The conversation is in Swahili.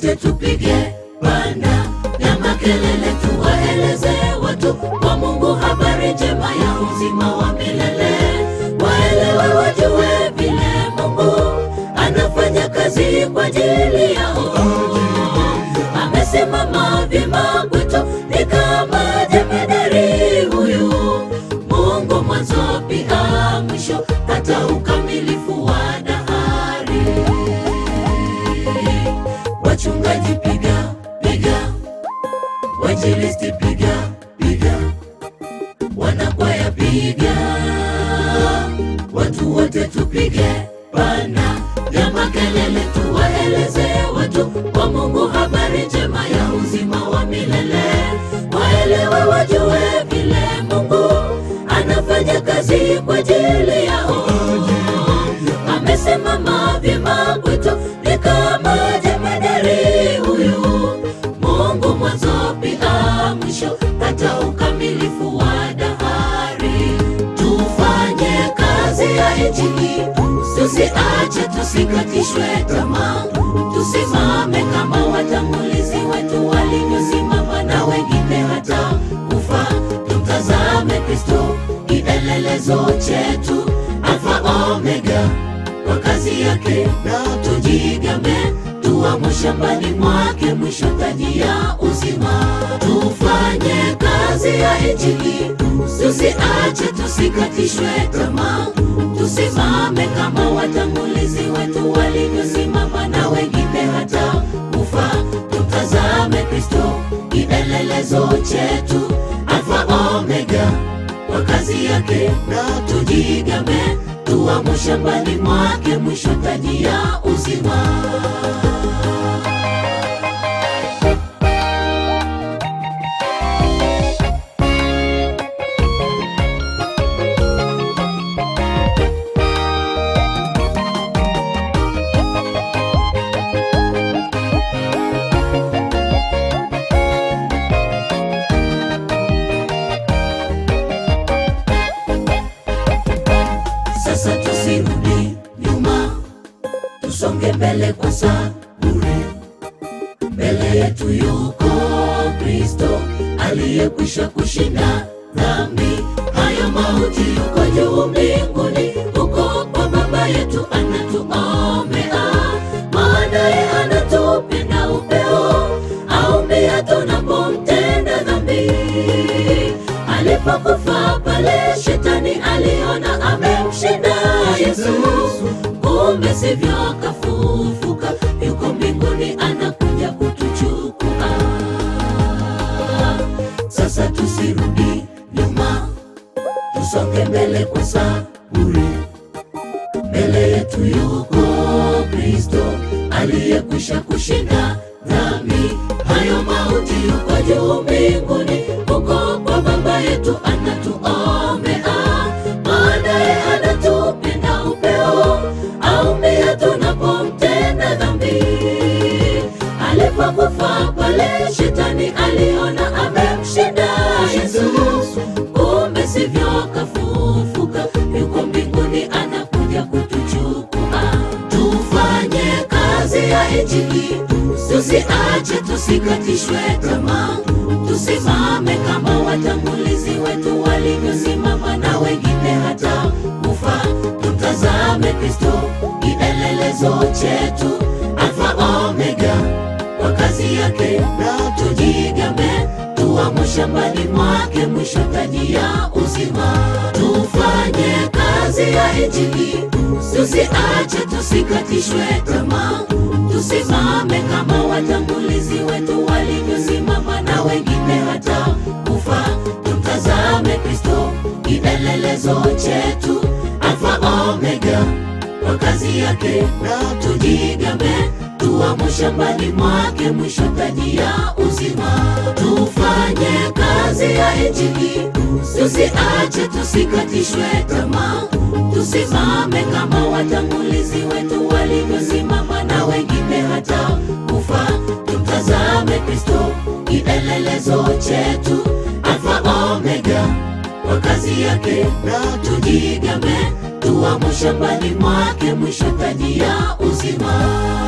wote tupige banda na makelele, tuwaeleze watu wa Mungu habari njema ya uzima wa milele, waelewe, wajue vile Mungu anafanya kazi kwa ajili yao, amesimama vyema wote tupige bana ya makelele, tuwaeleze watu wa Mungu habari njema ya uzima wa milele, waelewe wajue vile tusiache, tusikatishwe tamaa, tusimame kama watangulizi wetu walivyosimama na wengine hata kufa. Tumtazame Kristo, kielelezo chetu, Alfa Omega, kwa kazi yake na tujigame, tuamo shambani mwake, mwisho taji ya uzima, tufanye kazi ya Injili. Tusiache, tusikatishwe tamaa, tusimame kama watangulizi wetu walivyosimama na wengine hata kufa. Tutazame Kristo, kielelezo chetu, Alfa Omega wa kazi yake, na tujigame, tuwa shambani mwake, mwisho taji ya uzima. tusonge mbele kwa saburi. Mbele yetu yuko Kristo aliyekwisha kushinda dhambi, haya mauti. Yuko juu mbinguni, huko kwa Baba yetu anatuombea, maanaye anatupenda upeo, aombea tunapomtenda dhambi. Alipokufa pale, shetani aliona amemshinda Yesu visivyo akafufuka, yuko mbinguni anakuja kutuchukua. Sasa tusirudi nyuma, tusonge mbele kwa saburi. Mbele yetu yuko Kristo aliyekwisha kushinda dhambi, hayo mauti, yuko juu mbinguni pale shetani aliona amemshinda Yesu, kumbe sivyo, kafufuka, yuko mbinguni anakuja kutuchukua. Tufanye kazi ya Injili, tusiache, tusikatishwe tamaa, tusimame kama watangulizi wetu walivyosimama na wengine hata kufa. Tutazame Kristo kielelezo chetu nafasi yake na tujigame, tuamo shambani mwake, mwisho taji ya uzima. Tufanye kazi ya Injili, tusiache, tusikatishwe tamaa, tusimame kama watangulizi wetu walivyosimama na wengine hata kufa. Tumtazame Kristo, kielelezo chetu, Alfa Omega, kwa kazi yake na tujigame tuamo shambani mwake, mwisho taji ya uzima. Tufanye kazi ya Injili, tusiache, tusikatishwe tamaa, tusimame kama watangulizi wetu walivyosimama, na wengine hata kufa. Tumtazame Kristo, kielelezo chetu, Alfa Omega kwa kazi yake, na tujigame tuamo shambani mwake, mwisho taji ya uzima.